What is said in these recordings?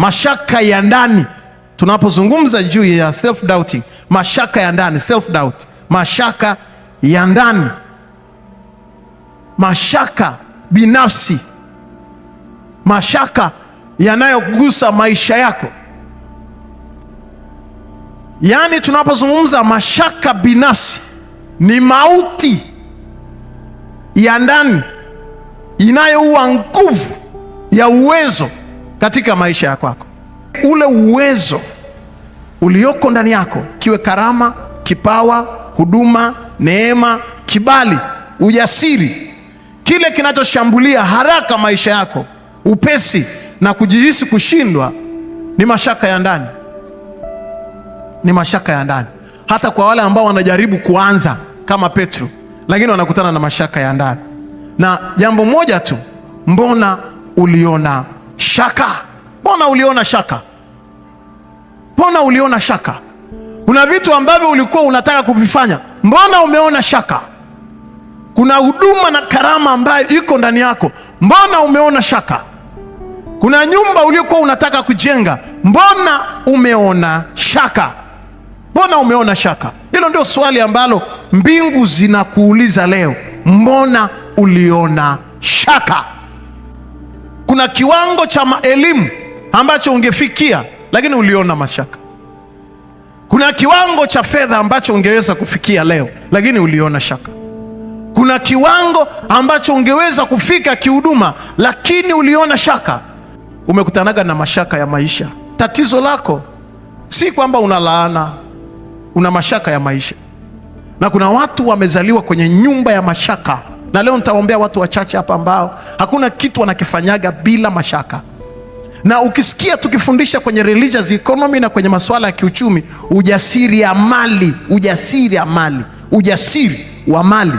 mashaka ya ndani. Tunapozungumza juu ya self doubting, mashaka ya ndani, self doubt, mashaka ya ndani, mashaka binafsi, mashaka yanayogusa maisha yako. Yaani, tunapozungumza mashaka binafsi ni mauti ya ndani inayoua nguvu ya uwezo katika maisha ya kwako. Ule uwezo ulioko ndani yako, kiwe karama, kipawa, huduma, neema, kibali, ujasiri, kile kinachoshambulia haraka maisha yako upesi na kujihisi kushindwa, ni mashaka ya ndani, ni mashaka ya ndani. Hata kwa wale ambao wanajaribu kuanza kama Petro, lakini wanakutana na mashaka ya ndani. Na jambo moja tu, mbona uliona shaka. Mbona uliona shaka? Mbona uliona shaka? Kuna vitu ambavyo ulikuwa unataka kuvifanya, mbona umeona shaka? Kuna huduma na karama ambayo iko ndani yako, mbona umeona shaka? Kuna nyumba uliokuwa unataka kujenga, mbona umeona shaka? Mbona umeona shaka? Hilo ndio swali ambalo mbingu zinakuuliza leo, mbona uliona shaka? Kuna kiwango cha elimu ambacho ungefikia lakini uliona mashaka. Kuna kiwango cha fedha ambacho ungeweza kufikia leo lakini uliona shaka. Kuna kiwango ambacho ungeweza kufika kihuduma lakini uliona shaka. Umekutanaga na mashaka ya maisha. Tatizo lako si kwamba una laana, una mashaka ya maisha. Na kuna watu wamezaliwa kwenye nyumba ya mashaka. Na leo nitaombea watu wachache hapa ambao hakuna kitu wanakifanyaga bila mashaka, na ukisikia tukifundisha kwenye religious economy na kwenye masuala ya kiuchumi, ujasiri ya mali, ujasiri ya mali, ujasiri wa mali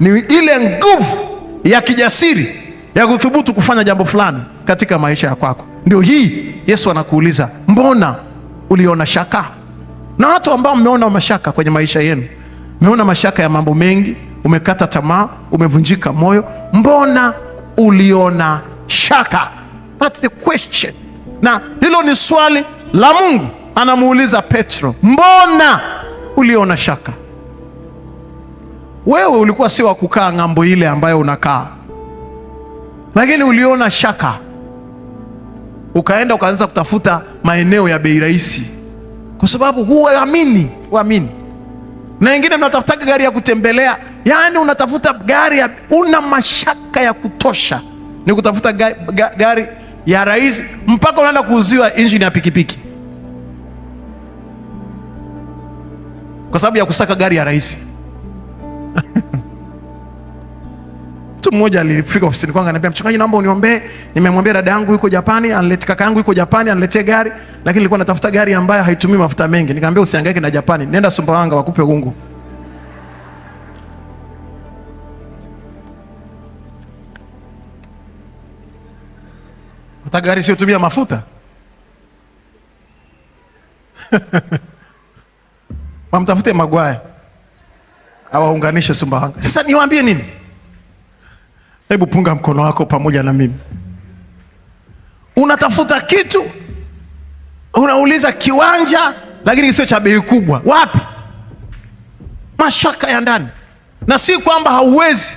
ni ile nguvu ya kijasiri ya kuthubutu kufanya jambo fulani katika maisha ya kwako. Ndio hii Yesu anakuuliza, mbona uliona shaka? Na watu ambao mmeona mashaka kwenye maisha yenu, mmeona mashaka ya mambo mengi umekata tamaa, umevunjika moyo, mbona uliona shaka? That's the question. Na hilo ni swali la Mungu, anamuuliza Petro, mbona uliona shaka? Wewe ulikuwa si wa kukaa ng'ambo ile ambayo unakaa, lakini uliona shaka, ukaenda ukaanza kutafuta maeneo ya bei rahisi, kwa sababu huamini, huamini na wengine mnatafutaga gari ya kutembelea, yaani unatafuta gari ya, una mashaka ya kutosha ni kutafuta gari, gari ya rais mpaka unaenda kuuziwa injini ya pikipiki kwa sababu ya kusaka gari ya rais. Mtu mmoja alifika ofisini kwangu ananiambia, mchungaji, naomba uniombee, nimemwambia dada yangu yuko Japani anilete, kaka yangu yuko Japani aniletee gari, lakini nilikuwa natafuta gari ambayo haitumii mafuta mengi. Nikamwambia, usihangaike na Japani, nenda Sumbawanga wakupe ungu. Hata gari sio tumia mafuta wamtafute Magwaya awaunganishe Sumbawanga. Sasa niwaambie nini? Hebu punga mkono wako pamoja na mimi. Unatafuta kitu, unauliza kiwanja, lakini kisio cha bei kubwa. Wapi? Mashaka ya ndani, na si kwamba hauwezi.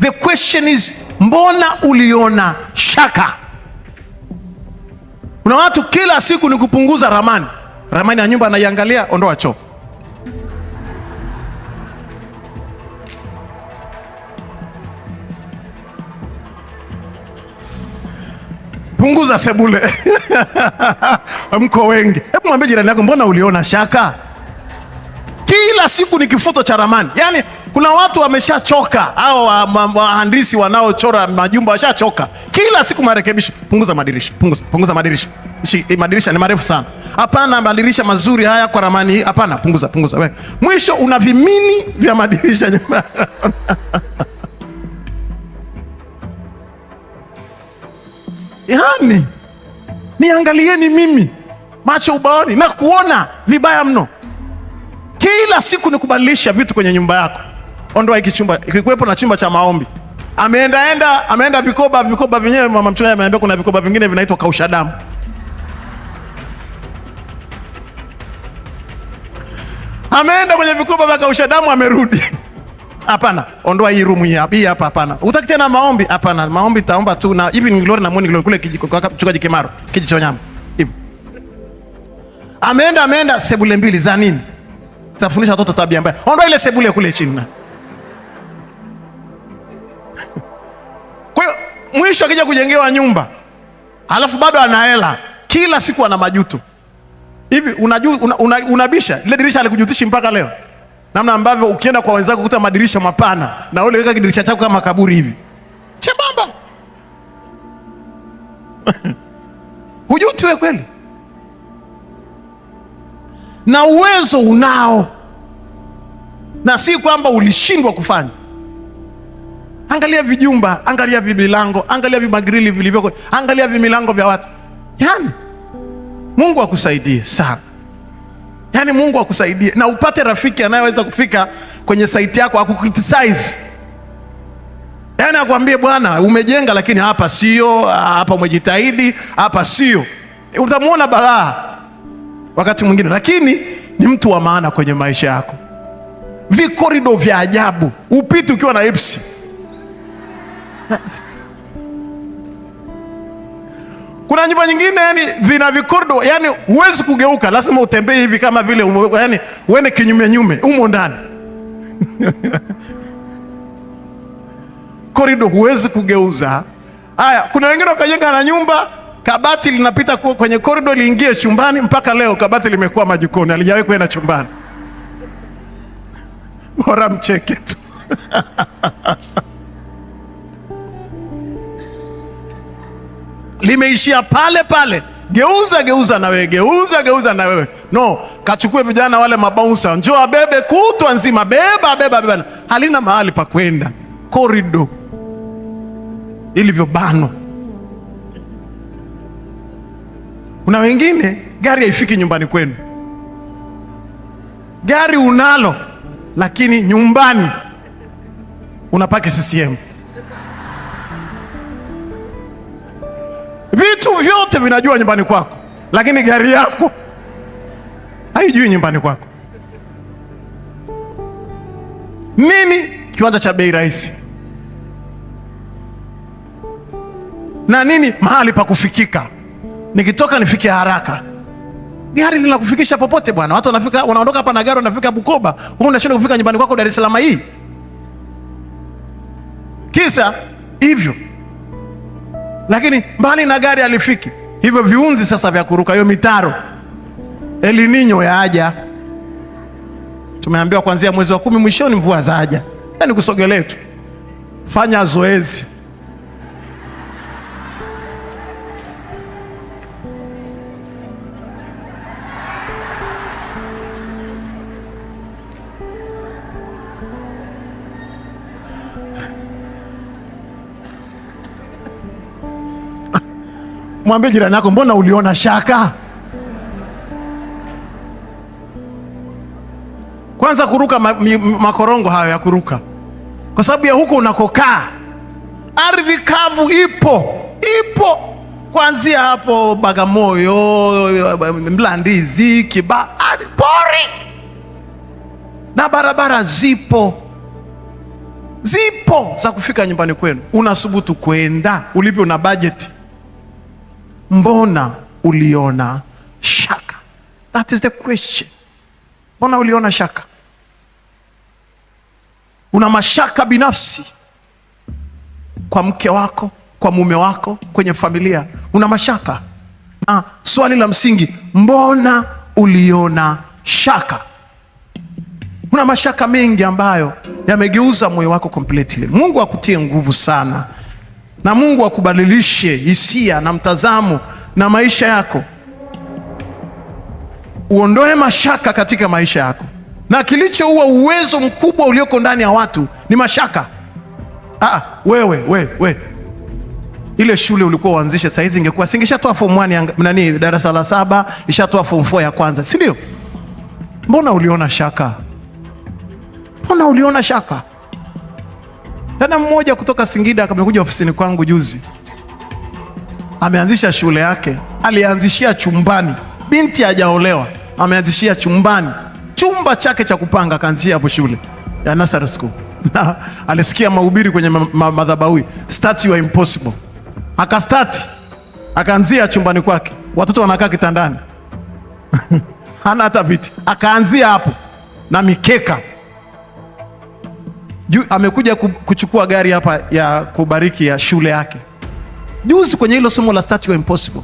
The question is, mbona uliona shaka? Kuna watu kila siku ni kupunguza ramani, ramani ya nyumba anaiangalia, ondoa choo punguza sebule mko wengi. Hebu mwambie jirani yako, mbona uliona shaka? Kila siku ni kifuto cha ramani. Yaani kuna watu wameshachoka, au wahandisi wanaochora majumba washachoka, kila siku marekebisho. Punguza madirisha, punguza, punguza madirisha Shi, eh, madirisha ni marefu sana. Hapana, madirisha mazuri haya kwa ramani hii. Hapana, punguza punguza. Mwisho una vimini vya madirisha yani, niangalieni mimi, macho ubaoni na kuona vibaya mno. Kila siku ni kubadilisha vitu kwenye nyumba yako. Ondoa hiki chumba, kilikuwepo na chumba cha maombi, ameendaenda ameenda vikoba, vikoba vyenyewe. Mama mchungaji ameniambia kuna vikoba vingine vinaitwa kausha damu. Ameenda kwenye vikoba vya kausha damu, amerudi Hapana, ondoa hii room hii hapa, hapa hapana. Utaki tena maombi? Hapana, maombi taomba tu na even glory na mwoni glory kule kijiko kwa kuchukua jikemaro, kijicho nyama. Hivi. Ameenda ameenda sebule mbili za nini? Tafundisha watoto tabia mbaya. Ondoa ile sebule kule chini na. Kwa hiyo mwisho akija kujengewa nyumba, alafu bado ana hela, kila siku ana majuto. Hivi unajua unabisha una, una, una lile dirisha alikujutishi mpaka leo namna ambavyo ukienda kwa wenzako kukuta madirisha mapana na wewe weka kidirisha chako kama kaburi hivi chembamba. Hujuti wewe kweli? Na uwezo unao, na si kwamba ulishindwa kufanya. Angalia vijumba, angalia vimilango, angalia vimagrili vilivyoko, angalia vimilango vya watu. Yani Mungu akusaidie sana. Yaani Mungu akusaidie na upate rafiki anayeweza kufika kwenye saiti yako akukritisize, yaani akwambie, bwana, umejenga lakini hapa sio, hapa umejitahidi, hapa sio. Utamwona balaa wakati mwingine, lakini ni mtu wa maana kwenye maisha yako. Vikorido vya ajabu upiti ukiwa na ipsi kuna nyumba nyingine yani vina vikordo, yani huwezi kugeuka, lazima utembee hivi kama vile yani uende kinyume nyume umo ndani korido, huwezi kugeuza. Haya, kuna wengine wakajenga na nyumba kabati linapita kwenye korido liingie chumbani. Mpaka leo kabati limekuwa majikoni, alijawahi kwenda chumbani. Bora mcheke tu limeishia pale pale. Geuza geuza na wewe, geuza geuza na wewe. No, kachukue vijana wale mabaunsa, njoo abebe kutwa nzima, beba beba beba, halina mahali pa kwenda. Korido ilivyobano Kuna wengine gari haifiki nyumbani kwenu, gari unalo lakini nyumbani unapaki CCM. Vitu vyote vinajua nyumbani kwako, lakini gari yako haijui nyumbani kwako. Nini kiwanja cha bei rahisi na nini mahali pa kufikika, nikitoka nifike haraka. Gari linakufikisha popote bwana. Watu wanafika wanaondoka hapa na gari wanafika Bukoba, wewe unashindwa kufika nyumbani kwako Dar es Salaam hii, kisa hivyo lakini mbali na gari alifiki hivyo viunzi sasa vya kuruka hiyo mitaro elininyo yaaja. Tumeambiwa kuanzia mwezi wa kumi mwishoni mvua zaaja yani kusogelee tu, fanya zoezi. Mwambie jirani yako, mbona uliona shaka? Kwanza kuruka ma, mi, makorongo hayo ya kuruka, kwa sababu ya huko unakokaa ardhi kavu ipo ipo, kuanzia hapo Bagamoyo, Mlandizi, Kiba pori, na barabara zipo zipo za kufika nyumbani kwenu. Unasubutu kwenda ulivyo na bajeti mbona uliona shaka? That is the question. Mbona uliona shaka? Una mashaka binafsi kwa mke wako, kwa mume wako, kwenye familia una mashaka. Na swali la msingi, mbona uliona shaka? Una mashaka mengi ambayo yamegeuza moyo wako completely. Mungu akutie nguvu sana na Mungu akubadilishe hisia na mtazamo na maisha yako, uondoe mashaka katika maisha yako. Na kilichoua uwezo mkubwa ulioko ndani ya watu ni mashaka. Aa, ah, wewe we, we. Ile shule ulikuwa uanzishe saa hizi ingekuwa singeshatoa form 1 nani darasa la saba ishatoa form 4 ya kwanza, si ndio? Mbona uliona shaka? Mbona uliona shaka? Dada mmoja kutoka Singida amekuja ofisini kwangu juzi, ameanzisha shule yake, alianzishia chumbani, binti hajaolewa, ameanzishia chumbani, chumba chake cha kupanga, akaanzishia hapo shule ya nursery school, na alisikia mahubiri kwenye madhabahu, start your impossible, akastart, akaanzia chumbani kwake, watoto wanakaa kitandani hana hata viti, akaanzia hapo na mikeka juu, amekuja kuchukua gari hapa ya kubariki ya shule yake juzi kwenye hilo somo la Your Impossible.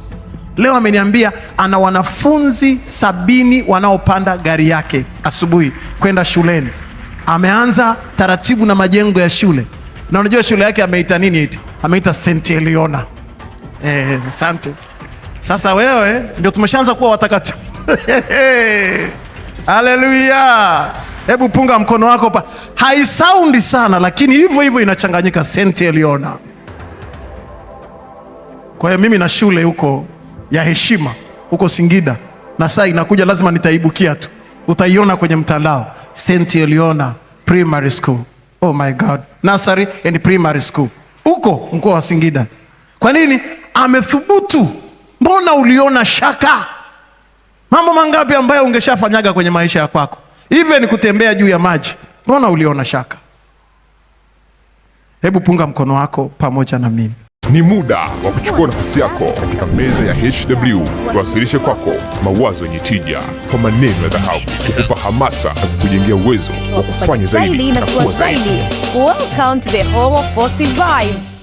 Leo ameniambia ana wanafunzi sabini wanaopanda gari yake asubuhi kwenda shuleni. Ameanza taratibu na majengo ya shule, na unajua shule yake ameita nini? Eti ameita St Eliona. Eh, asante. Sasa wewe ndio tumeshaanza kuwa watakatifu. Haleluya! Hebu punga mkono wako pa. Haisaundi sana lakini hivyo hivyo inachanganyika senti eliona. Kwa hiyo mimi na shule huko ya heshima huko Singida, na saa inakuja lazima nitaibukia tu, utaiona kwenye mtandao senti eliona primary school. Oh my God, nursery and primary school huko mkoa wa Singida. Kwa nini amethubutu? Mbona uliona shaka? Mambo mangapi ambayo ungeshafanyaga kwenye maisha ya kwako? even kutembea juu ya maji, mbona uliona shaka? Hebu punga mkono wako pamoja na mimi. Ni muda wa kuchukua nafasi yako katika meza ya HW, tuwasilishe kwako mawazo yenye tija kwa maneno ya dhahabu, kukupa hamasa na kukujengea uwezo wa kufanya zaidi na kuwa zaidi. Welcome to the home of positive vibes.